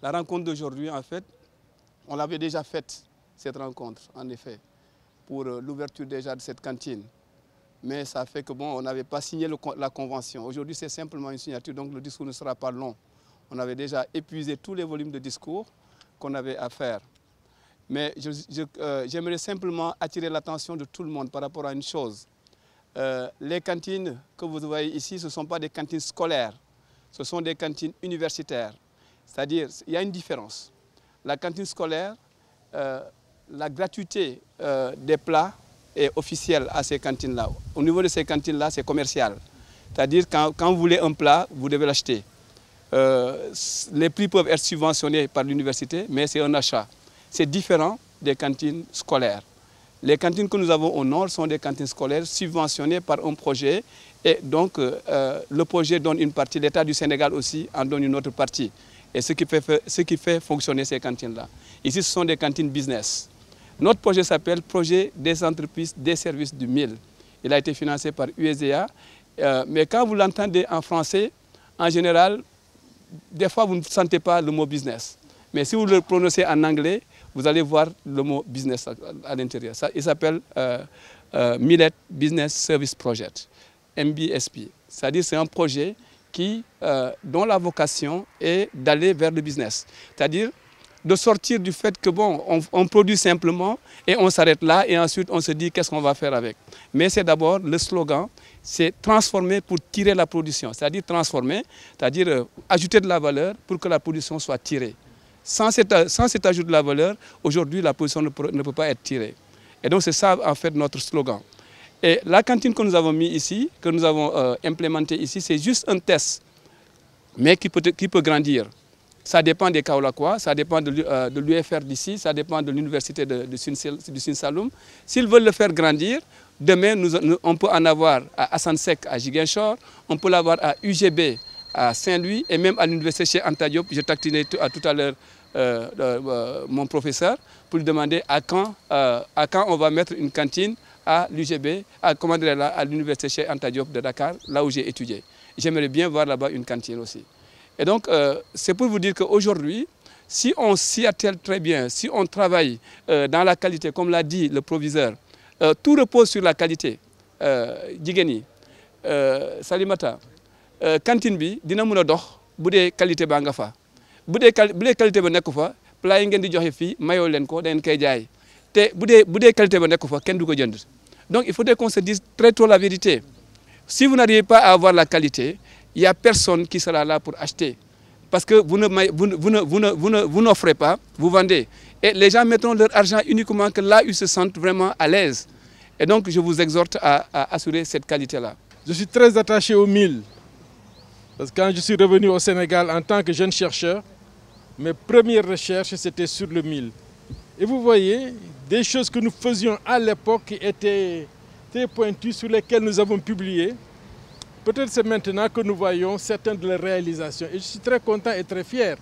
La rencontre d'aujourd'hui, en fait, on l'avait déjà faite, cette rencontre, en effet, pour euh, l'ouverture déjà de cette cantine. Mais ça fait que, bon, on n'avait pas signé la convention. Aujourd'hui, c'est simplement une signature, donc le discours ne sera pas long. On avait déjà épuisé tous les volumes de discours qu'on avait à faire. Mais euh, j'aimerais simplement attirer l'attention de tout le monde par rapport à une chose. Euh, les cantines que vous voyez ici, ce ne sont pas des cantines scolaires, ce sont des cantines universitaires. C'est-à-dire, il y a une différence. La cantine scolaire, euh, la gratuité des plats est officielle à ces cantines-là. Au niveau de ces cantines-là, c'est commercial. C'est-à-dire, quand, quand vous voulez un plat, vous devez l'acheter. les prix peuvent être subventionnés par l'université, mais c'est un achat. C'est différent des cantines scolaires. Les cantines que nous avons au nord sont des cantines scolaires subventionnées par un projet et donc euh, euh, le projet donne une partie, l'État du Sénégal aussi en donne une autre partie. Et ce qui fait, ce qui fait fonctionner ces cantines-là. Ici, ce sont des cantines business. Notre projet s'appelle Projet des entreprises des services du mille. Il a été financé par USDA. Euh, mais quand vous l'entendez en français, en général, des fois, vous ne sentez pas le mot business. Mais si vous le prononcez en anglais, vous allez voir le mot business à, l'intérieur. il s'appelle euh, euh, Millet Business Service Project, MBSP. C'est-à-dire c'est un projet euh, dont la vocation est d'aller vers le business. C'est-à-dire de sortir du fait que bon, on, on produit simplement et on s'arrête là et ensuite on se dit qu'est-ce qu'on va faire avec. Mais c'est d'abord le slogan, c'est transformer pour tirer la production, c'est-à-dire transformer, c'est-à-dire ajouter de la valeur pour que la production soit tirée. Sans cet, sans cet ajout de la valeur, aujourd'hui, la position ne peut, pas être tirée. Et donc, c'est ça, en fait, notre slogan. Et la cantine que nous avons mis ici, que nous avons euh, implémentée ici, c'est juste un test, mais qui peut, qui peut grandir. Ça dépend des Kaolakois, ça dépend de, l'UFR euh, d'ici, ça dépend de l'université de, de Sinsaloum. S'ils veulent le faire grandir, demain, nous, on peut en avoir à Assansec, à Giguinchor, on peut l'avoir à UGB, à Saint-Louis et même à l'université chez Antadio. Je tactinais tout à l'heure euh, euh, euh, mon professeur pour lui demander à quand, à quand on va mettre une cantine à l'UGB, à, à l'université chez Anta de Dakar, là où j'ai étudié. J'aimerais bien voir là-bas une cantine aussi. Et donc, c'est pour vous dire qu'aujourd'hui, si on s'y attelle très bien, si on travaille dans la qualité, comme l'a dit le proviseur, tout repose sur la qualité. Djigeni, Salimata, cantine bi, dina qualité si qualité fa ngeen di joxe qualité donc il faudrait qu'on se dise très tôt la vérité si vous n'arrivez pas à avoir la qualité il n'y a personne qui sera là pour acheter parce que vous n'offrez pas vous vendez et les gens mettront leur argent uniquement que là ils se sentent vraiment à l'aise et donc je vous exhorte à assurer cette qualité là. Je suis très attaché au mille. parce que quand je suis revenu au Sénégal en tant que jeune chercheur mes premières recherches, c'était sur le mille. Et vous voyez, des choses que nous faisions à l'époque étaient très pointues, sur lesquelles nous avons publié. Peut-être c'est maintenant que nous voyons certaines de leurs réalisations. Et je suis très content et très fier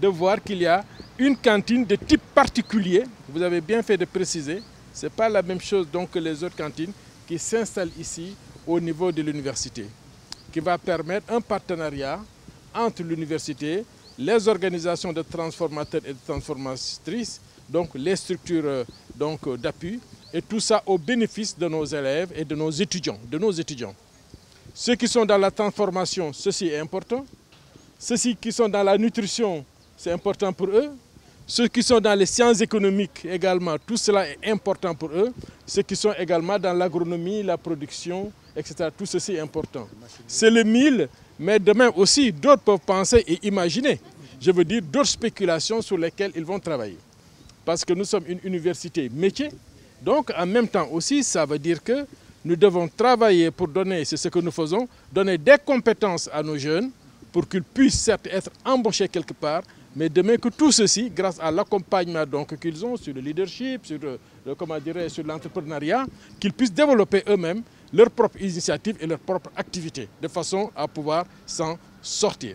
de voir qu'il y a une cantine de type particulier. Vous avez bien fait de préciser. Ce n'est pas la même chose donc que les autres cantines qui s'installent ici au niveau de l'université, qui va permettre un partenariat entre l'université les organisations de transformateurs et de transformatrices, donc les structures euh, euh, d'appui, et tout ça au bénéfice de nos élèves et de nos étudiants, de nos étudiants. Ceux qui sont dans la transformation, ceci est important. Ceux qui sont dans la nutrition, c'est important pour eux. Ceux qui sont dans les sciences économiques également, tout cela est important pour eux. Ceux qui sont également dans l'agronomie, la production, etc., tout ceci est important. C'est le mille, mais demain aussi, d'autres peuvent penser et imaginer je veux dire d'autres spéculations sur lesquelles ils vont travailler. Parce que nous sommes une université métier, donc en même temps aussi, ça veut dire que nous devons travailler pour donner, c'est ce que nous faisons, donner des compétences à nos jeunes pour qu'ils puissent certes être embauchés quelque part, mais demain que tout ceci, grâce à l'accompagnement qu'ils ont sur le leadership, sur euh, comment sur l'entrepreneuriat, qu'ils puissent développer eux-mêmes leurs propres initiatives et leurs propres activités, de façon à pouvoir s'en sortir.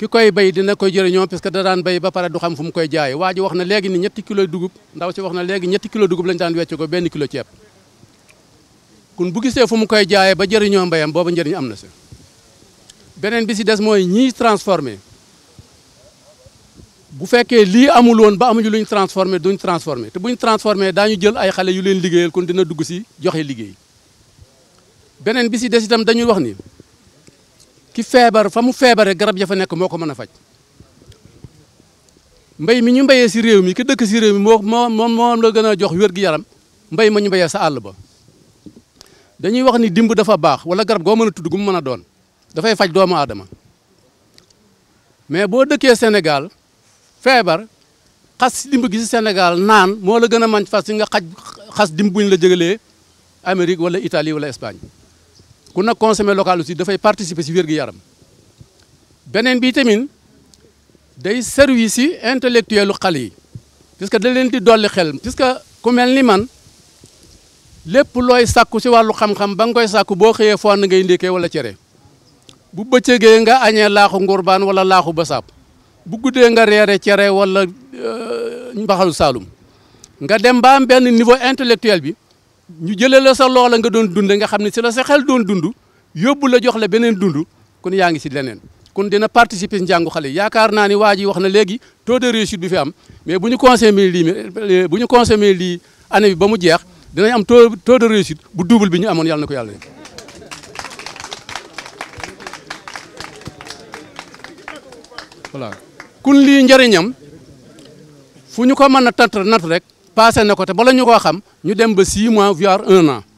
ki koy bay dina koy jëriñoo parce que da daan bay ba pare du xam fu mu koy jaay waa ji wax na léegi ni ñetti kilo dugub ndaw si wax na léegi ñetti kilo dugub lañu daan wecc ko benn kilo bu gisee fu mu koy jaayee ba jëriñoo mbayam booba njëriñ am na si beneen bi si des mooy ñiy transformé bu fekkee lii amul woon ba amuñu luñ transformé duñ transformé buñ transformé daañu jël ay xale yu leen liggéeyal kon dina dugg si joxe liggéey beneen bi si des itam dañuy wax nii ci feebar fa mu feebaree garab ya fa nekk moo ko mën a faj mbéy mi ñu mbayee si réew mi ki dëkk si réew mi moo moom moo la gën a jox wér gi yaram mbay ma ñu mbéyee sa àll ba dañuy wax ni dimb dafa baax wala garab goo mën a tudd gu mu mën a doon dafay faj doomu adama mais boo dëkkee senegal feebar xas dimb gi si Sénégal naan moo la gën a man fas si nga xaj xas dimb buñ la jëgalee Amérique wala Italie wala Espagne ku nak consommer local aussi fay participer ci wér yaram benen bi tamine day service intellectuel intellectuelu yi puisque da leen di doli xel puisque ku melni man lepp loy sakku ci walu xam-xam bang koy sàkku boo xëyee fonn ngay ndike wala ciere bu beccege nga añee laaxu ngurbaan wala laaxu basap bu gude nga ciere wala euh, mbaxalu salum nga dem ba am niveau intellectuel bi ñu jëlee la sa loola nga doon dund nga xam ne si la sa xel doon dund yóbbu la jox la beneen dund kon yaa ngi si leneen kon dina participer njàngu xale yaakaar naa ni waa ji wax na léegi taux de réussite bi fi am mais bu ñu consommé lii bu ñu consommé lii année bi ba mu jeex dinañ am taux de réussite bu double bi ñu amoon yàlla na ko yàlla voilà kun lii njëriñam fu ko mën a nat rek passé na ko te ñu koo xam ñu dem ba 6 mois voire 1 an